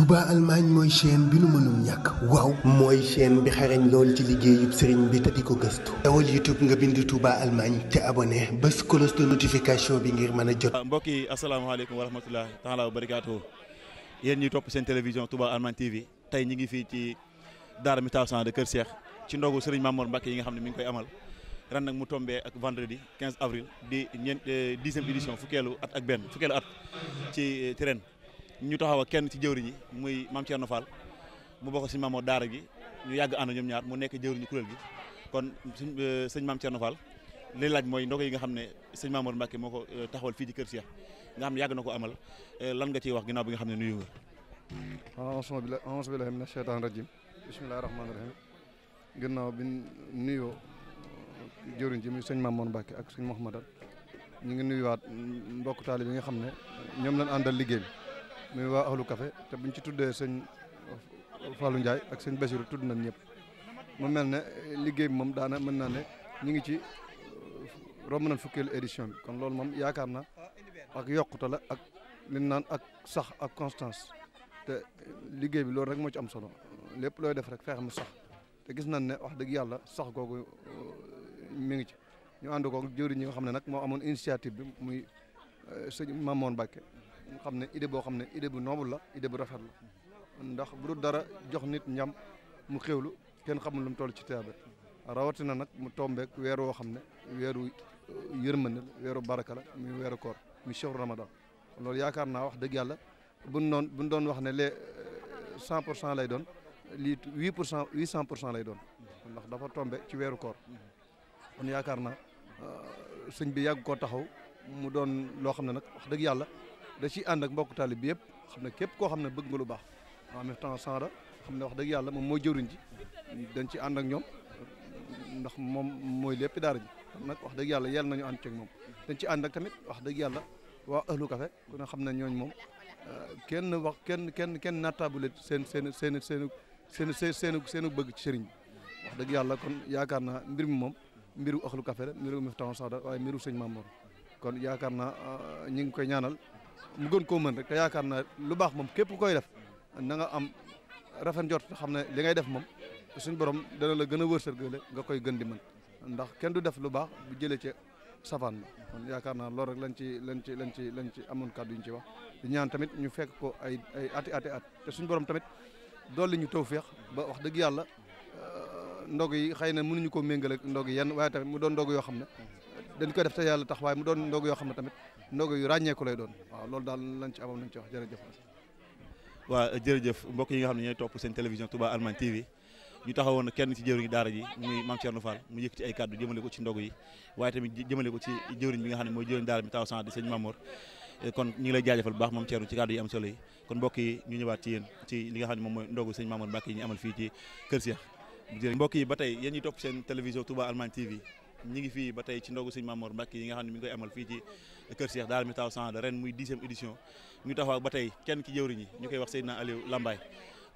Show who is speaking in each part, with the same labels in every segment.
Speaker 1: Touba Allemagne mooy chaîne bi nu mënul ñàkk waaw mooy chaîne bi xarañ lool ci liggéeyub sëriñ bi te ko gëstu dawal YouTube nga bindi Touba Allemagne te abonné bés cloche de notification bi ngir mën a
Speaker 2: jot ah, mbokk yi asalaamaaleykum wa rahmatulah taala wa barakaatu yéen ñuy topp seen télévision Touba Allemagne TV tey ñi ngi fii ci daara mi tawsan de Kër Cheikh ci ndogu sëriñ Mamour Mbacke yi nga xam ne mi ngi koy amal ren nag mu tombé ak vendredi 15 avril di ñeent eh, dixième édition fukkeelu at ak benn fukkeelu at ci eh, ren ñu taxaw ak kenn ci jëwriñ yi muy maam Thierno Fall mu bokk si maamoo daara gi ñu yàgg ànd ñoom ñaar mu nekk jëwriñu kuréel gi kon suñ sëñ euh, maam Thierno Fall li laaj mooy ndogo yi nga xam ne sëñ Mamour Mbacke moo ko euh, taxawal fii ci kër Cheikh nga yàgg na ko amal euh, lan nga ciy wax ginnaaw bi nga xam ne nuyu
Speaker 3: nga. auzu billaahi mina sheytaani rajiim bismillaahi rahmaani rahiim ginnaaw bi nuyoo jëwriñ ji muy sëñ Mamour Mbacke ak sëñ Mouhamadal ñu ngi nuyuwaat mbokk taali bi nga xam ne ñoom lañ àndal liggéey bi muy waa ahlu kafe te buñ ci tuddee sëñ Fallou Ndiaye ak seen Bassirou tudd nañ ñëpp mu mel ne liggéey bi moom daana mën naa ne ñu ngi ci uh, romb nañ fukkeelu édition bi kon loolu moom yaakaar na ak yokkute la ak li naan ak sax ak constance te liggéey bi loolu rek moo ci am solo lépp looy def rek feex mu sax te gis nañ ne wax dëgg yàlla sax googu uh, mi ngi ci ñu ànd koog jëwriñ ñi xam ne nag moo amoon initiative bi muy uh, sëñ Mamoon Bakke ñu xam ne idée boo xam ne idée bu noble la idée bu rafet la ndax bu dul dara jox nit ñam mu xéwlu kenn xamul lu mu toll ci teebar rawatina nag mu tombeek weer woo xam ne weeru euh, yërmande la weeru barka la muy weeru koor muy chehru ramadan loolu yaakaar naa wax dëgg yàlla buñ noon buñ doon wax ne le euh, cent pour cent lay doon lii huit pour cent huit cent pour cent lay doon ndax dafa tombe ci weeru koor kon yaakaar naa euh, sëñ bi yàgg koo taxaw mu doon loo xam ne nag wax dëgg yàlla da ciy ànd ak mbokk taalib bi yëpp xam na képp koo xam ne bëgg nga lu baax en même temps xam na wax dëgg yàlla moom mooy jëriñ ji dañ ci ànd ak ñoom ndax moom mooy lépp daara ji nag wax dëgg yàlla yàlla nañu ànd ceeg moom dañ ci ànd ak tamit wax dëgg yàlla waa ëllu café ku ne xam ne ñooñ moom euh, kenn wax kenn kenn kenn nattabule seen seen seen seen seen seen seen bëgg ci sëriñ bi wax dëgg yàlla kon yaakaar naa mbir mi moom mbiru ëllu café la mbiru Miftahoul Sahada waaye mbiru sëñ Mamour kon yaakaar naa euh, ñu ngi koy ñaanal mu gën koo mën rek te yaakaar na lu baax moom képp koy def na nga am rafet njort xam ne li ngay def moom suñ borom dana la gën a wërsëgale nga koy gën di mën ndax kenn du def lu baax bu jëlee ci safaan la yaakaar naa loolu rek lañ ci lañ ci lañ ci lañ ci amoon kàddu yuñ ci wax ñaan tamit ñu fekk ko ay ay ati ati at te suñ borom tamit dolli ñu tawféex ba wax dëgg yàlla euh, ndog yi xëy na mënuñu ko méngale ak ndog yenn waaye tamit mu doon ndog yoo xam ne dañ koy def te yàlla tax waaye mu doon ndogu yoo xam ne tamit ndogu yu ràññeeku lay doon waaw loolu daal lañ ci amoon nañ ci wax jërëjëf
Speaker 2: waaw mbokk yi nga xam ne ñooy topp seen télévision Touba Allemagne TV ñu taxawoon kenn ci jëwriñ daara ji muy Mame Thierno Fall mu yëkkati ay kàddu jëmale ko ci ndogu yi waaye tamit jëmale ko ci jëwriñ bi nga xam ne mooy jëwriñ daara bi taw sant di sëñ Mamour kon baax Mame Thierno ci kàddu yi am solo yi kon mbokk yi ñu ñëwaat ci yéen ci li nga xam ne moom mooy ndogu sëñ Mamour Mbacke yi ñu amal fii ci Kër Cheikh mbokk yi ba tey yéen ñi topp seen télévision Touba Allemagne TV ñi ngi fii ba tey ci ndogu sëñ Mamour Mbacke yi nga xam ne mi ngi koy amal fii ci kër Cheikh Daara mi taw san ren muy dixième édition ñu taxaw ba tey kenn ki jëwriñ yi ñu koy wax Seydina Aliou Lambaye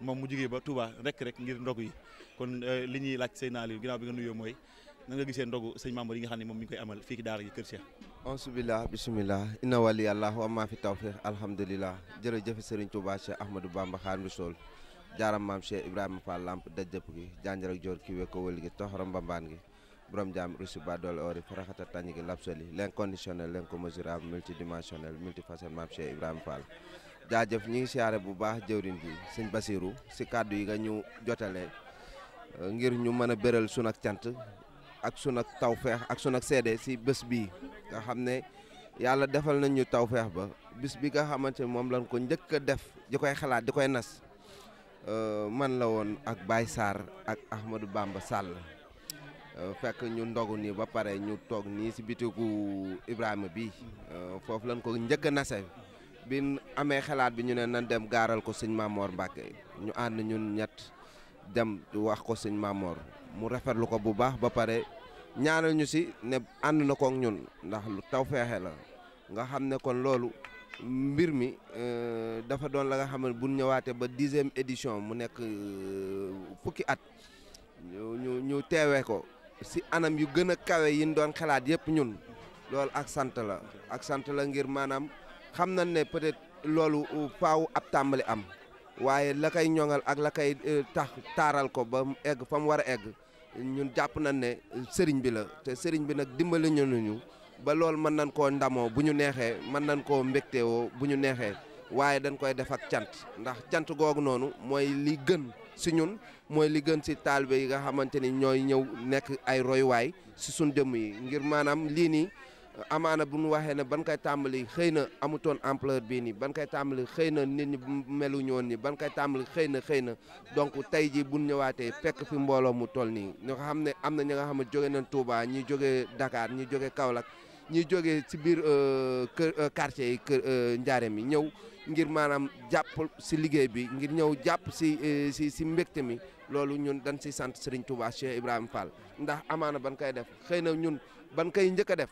Speaker 2: moom mu jugee ba Touba rek rek ngir ndogu yi kon euh, li ñuy laaj Seydina Aliou ginnaaw bi nga nuyoo mooy na nga gisee ndogu sëñ Mamour yi nga xam ne moom mi ngi koy amal fii ki daara yi kër Cheikh
Speaker 1: ansubillah bisimilah inna wali allah wa ma fi tawfiq alhamdulilah jërëjëf Serigne Touba Cheikh Ahmadou Bamba Xaadimu Rasuul jaaram maam Cheikh Ibrahima Fall lamp dajëpp gi janjërak joor ki wee ko wëli gi toxaram bambaan gi borom jaam rusi badoole ori faraxata tàññi gi lapsoli l'inconditionnel l'incommensurable multidimensionnel multifacette Mame Cheikh Ibrahima Fall jaajëf ñi ngi siyaare bu baax jëwriñ bi seen basiiru si kàddu yi nga ñëw jotale euh, ngir ñu mën a béral sun ak cant ak sun ak tawfeex ak sun ak seede si bés bii nga xam ne yàlla defal nañ ñu tawfeex ba bis bi nga xamante ne moom lañ ko njëkk a def di koy xalaat di koy nas euh, man la woon ak Baye Sarr ak Ahmadou Bamba Sall Euh, fekk ñu ndogu nii ba pare ñu toog nii si bitigu Ibrahima bi euh, foofu lañ ko njëkk a nase bi amee xalaat bi ñu ne nan dem gaaral ko sëñ Mamor Mbacke ñu ànd ñun ñett dem wax ko sëñ Mamor mu rafetlu ko bu baax ba pare ñaanal ñu si ne ànd na kook ñun ndax taw feexe la nga xam ne kon loolu mbir mi euh, dafa doon la nga xam bu ñëwaatee ba dixième édition mu nekk fukki at ñu ñu teewee ko si anam yu gën a kawe yin doon xalaat yëpp ñun loolu ak sant la ak sant la ngir maanaam xam nañ ne peut-être loolu faaw ab tàmbali am waaye la koy ñoŋal ak la koy euh, tax taaral ko ba mu egg fa mu war a egg ñun jàpp nañ ne sëriñ bi la te sëriñ bi nag dimbali ñunuñu ba loolu mën nañ ko ndamoo bu ñu neexee mën nañ koo mbégteewoo bu ñu neexee waaye dañ koy def cant ndax cant googu noonu mooy li gën si ñun mooy li gën si taalibe yi nga xamante ni ñooy ñëw nekk ay royuwaay si suñ jëmm yi ngir maanaam lii nii amaana bu ñu waxee ne ban koy tàmbali xëy na amutoon empleur bii nii ban koy tàmbali xëy na nit ñi meluñoon nii ban koy tàmbali xëy na xëy na donc tey jii bu ñu ñëwaatee fekk fi mbooloo mu toll nii ñoo xam ne am na ñi nga xam ne jóge nañ tuubaa ñi jóge dakaar ñi jóge Kaolack ñuy jógee ci biir euh, kër euh, quartier yi kër euh, njaareem ñëw ngir maanaam jàpp si liggéey bi ngir ñëw jàpp si si ci mbégte mi loolu ñun dañ ciy sant Serigne Touba Cheikh Ibrahima Fall ndax amaana ban koy def xëy na ñun ban koy njëkk a def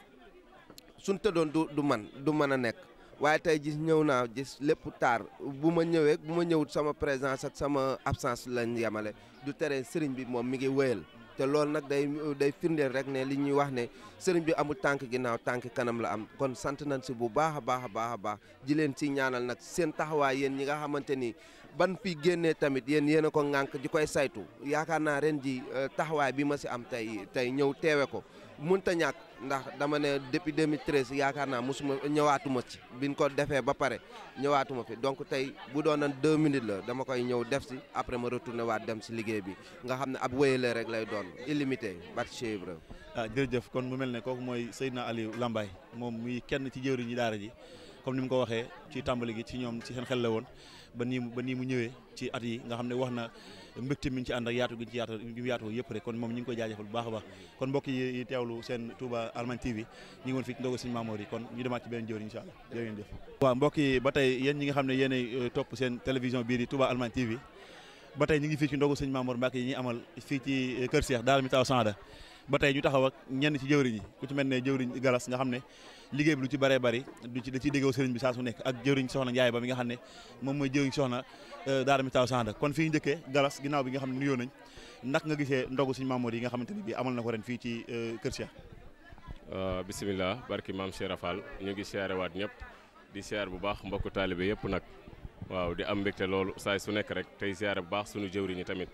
Speaker 1: suñ tëddoon du du man du mën a nekk waaye tey gis ñëw naa gis lépp taar bu ma ñëwee bu ma ñëwut sama présence sama absence lañ yemale du tere Serigne bi moom mi ngi wéyal te loolu nag day day firndeel rek ne li ñuy wax ne sëriñ bi amul tànk ginnaaw tànk kanam la am kon sant nañ si bu baax a baax a baax a baax ji leen si ñaanal nag seen taxawaay yéen ñi nga xamante ni ban fi génnee tamit yéen yéen a ko ŋànk di koy saytu yaakaar naa ren ji euh, taxawaay bi ma si am tey tey ñëw teewe ko munta ñàkk ndax dama ne depuis 2013 yaakaar naa mosuma ñëwaatuma ci bi biñ ko defee ba pare ñëwaatuma fi donc tey bu doon a deux minute la dama koy ñëw def si après ma retourné waat dem si liggéey bi nga xam ne ab wéyale rek lay doon
Speaker 2: illimité barke Cheikh Ibra ah jërëjëf kon mu mel ne kooku mooy Seydina Aliou Lambaye moom muy kenn ci jëwriñ ñi daara ji comme ni mu ko waxee ci tàmbali gi ci ñoom ci seen xel la woon ba nii ba nii mu ñëwee ci at yi nga xam ne wax na mbégte mi ñu ci ànd ak yaatu gi ci yaatu ñu yaatu yëpp rek kon moom ñu ko koy jaajëfal baax a baax kon mbokk yi teewlu seen Touba Allemagne TV ñu ngi woon fii ci ndogu Serigne Mamour yi kon ñu demaat ci beneen jëwriñ yi ba yéen ñi nga xam ne yéenay euh, topp seen télévision bii di Touba Allemagne TV ba tey ñu ngi fii ci ndogu Serigne Mamour Mbacke yi ñuy amal fii ci euh, kër Cheikh daal mi taw sanda ba tey ñu taxaw ak ñenn ci jëwriñ yi ku ci mel ne jëwriñ galas nga xam ne liggéey bi lu ci bëree bari du ci da ciy déggoo sëriñ bi saa su nekk ak jëriñ soxna Njaay ba mi nga xam ne moom mooy jëriñ soxna euh, daara mi taw sanda kon fii njëkkee galas ginnaaw bi nga xam ne nuyoo nañ ndax nga gisee ndogu suñu Mamour yi nga xamante ni bi amal na ko ren fii ci euh, kër Cheikh
Speaker 4: euh, bisimillah barki maam Cheikh Rafal ñu ngi siyaare waat ñëpp di siyaar bu baax mbokku taalibe yëpp nag waaw di am mbégte loolu saay su nekk rek tey siyaare bu baax suñu jëwriñi tamit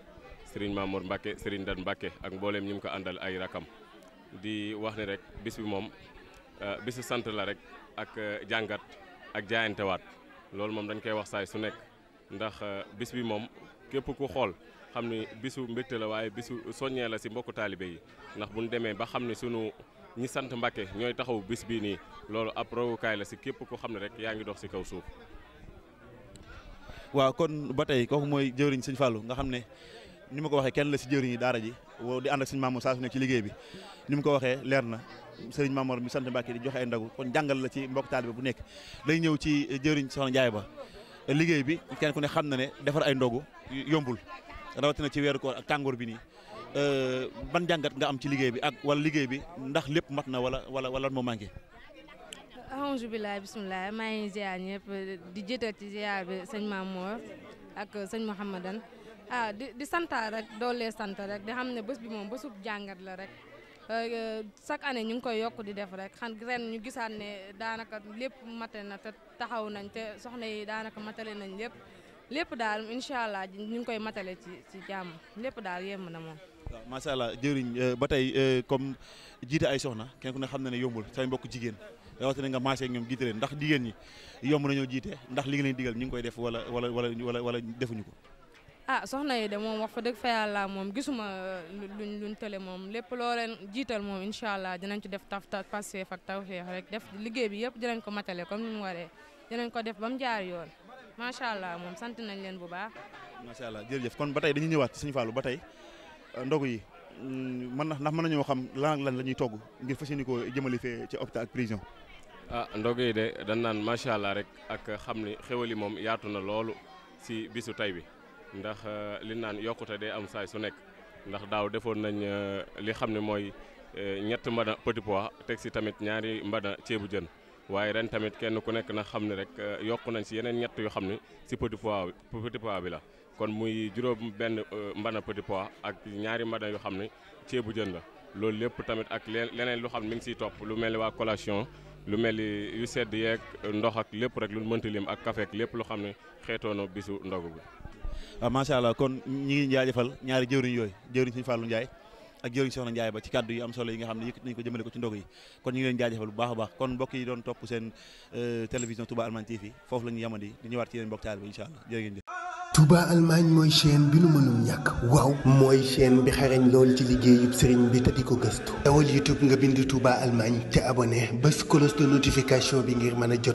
Speaker 4: sëriñ Mamour Mbacke sëriñ Dan Mbacke ak mbooleem ñu mu ko àndal ay rakam di wax ne rek bis bi moom Euh, bisu sant la rek ak euh, jàngat ak jaayantewaat loolu moom dañ koy wax saay su nekk ndax euh, bis bi moom képp ku xool xam ni bisu mbégte la waaye bisu soññee la si mbokku taalibe yi ndax bu ñu demee ba xam ne sunu ñi sant Mbàkke ñooy taxaw bis bii nii loolu ab rogukaay la si képp ku xam ne rek yaa ngi dox si kaw suuf.
Speaker 2: waaw kon ba tey kooku mooy jëwriñ sëñ Fallou nga xam ne ni ma ko waxee kenn la si jëwriñ yi daara ji woo di ànd ak sëñ Mamour saa su nekk ci liggéey bi ni mu ko waxee leer na sëriñ Mamor mi sant Mbàkke di joxe ay ndagu kon jàngal la ci mbokk bi bu nekk day ñëw ci jëriñ soxna Njaay ba liggéey bi kenn ku ne xam na ne defar ay ndogu yombul rawatina ci weeru koor tàngoor bi nii euh, ban jàngat nga am ci liggéey bi ak wala liggéey bi ndax lépp mat na wala wala wala moo manqué ahange bilaay bisimilah maa ngi ziar di jiital ci ziar bi sëñ Mamoor ak sëñ Mouhamadan ah di di santaar rek doolee sant rek di xam ne bés bi jàngat la rek Euh, chaque année ñu ngi koy yokk di def rek xan ren ñu gisaat ne daanaka lépp mate na te taxaw nañ te soxna yi daanaka matale nañ lépp lépp daal incha allah ñu ngi koy matale ci ci lépp daal yemb na moom. waaw allah jëriñ euh, ba tey euh, comme jiite ay soxna kenn ku ne xam na ne yombul say mbokk jigéen rawatina nga maasee ñoom jiite leen ndax jigéen ñi yomb nañoo jiite ndax li nga leen digal ñu ngi koy def wala wala wala wala defuñu ko. ah soxna yi de moom wax fa dëgg fa yàlla moom gisuma uh, luñ luñ tële moom lépp loo leen jiital moom incha allah dinañ ci def taf taf passé fa tawfeex rek def liggéey bi yëpp dinañ ko matale comme ni mu waree dinañ ko def ba mu jaar yoon macha allah moom sant nañ leen bu baax. macha allah jërëjëf kon ba tey dañuy ñëwaat ci Sëñ Fallou ba tey uh, ndogu yi mm, mën nax ndax mën nañoo xam lan ak lan la ñuy togg ngir fa yéene ko jëmale fee ci hôpital ak prison.
Speaker 4: ah ndogu de dañ naan macha allah rek ak xam ni xéwal yi moom yaatu na loolu ci bisu tey bi ndax euh, li naan yokkute day am saay su nekk ndax daaw defoon nañ euh, li xam ne mooy euh, ñett mbana petit pois teg si tamit ñaari mbana ceebu jën waaye ren tamit kenn ku nekk na xam ne rek yokk nañ si yeneen ñett yoo xam ne si petit pois petit pois bi la kon muy juróom benn mbana petit pois ak ñaari mbana yoo xam ne ceebu jën la loolu lépp tamit ak leneen lu xam ne mi ngi siy topp lu mel ni waa collation lu mel ni yu sedd yeeg ndox ak lépp rek lu mënti lim ak café lépp loo xam ne xeetoonoo bisu ndogu
Speaker 2: waaw macha allah kon ñi ngi jaajëfal ñaari jëwriñ yooyu jëwriñ Sëñ Fallou Ndiaye ak jëwriñ Soxna Ndiaye ba ci kaddu yi am solo yi nga xam ne yëkkati nañ ko jëmale ko ci ndog yi kon ñu ngi leen jaajëfal bu baax a baax kon mbokk yi doon topp seen euh, la ñu taal bi incha allah jërë ngeen jëf
Speaker 1: Touba Allemagne mooy chaîne bi nu mënul ñàkk waaw mooy chaîne bi xarañ lool ci liggéeyub
Speaker 2: sëriñ bi te gëstu dawal YouTube nga bind Touba Allemagne te abonné bés cloche notification bi ngir mën a jot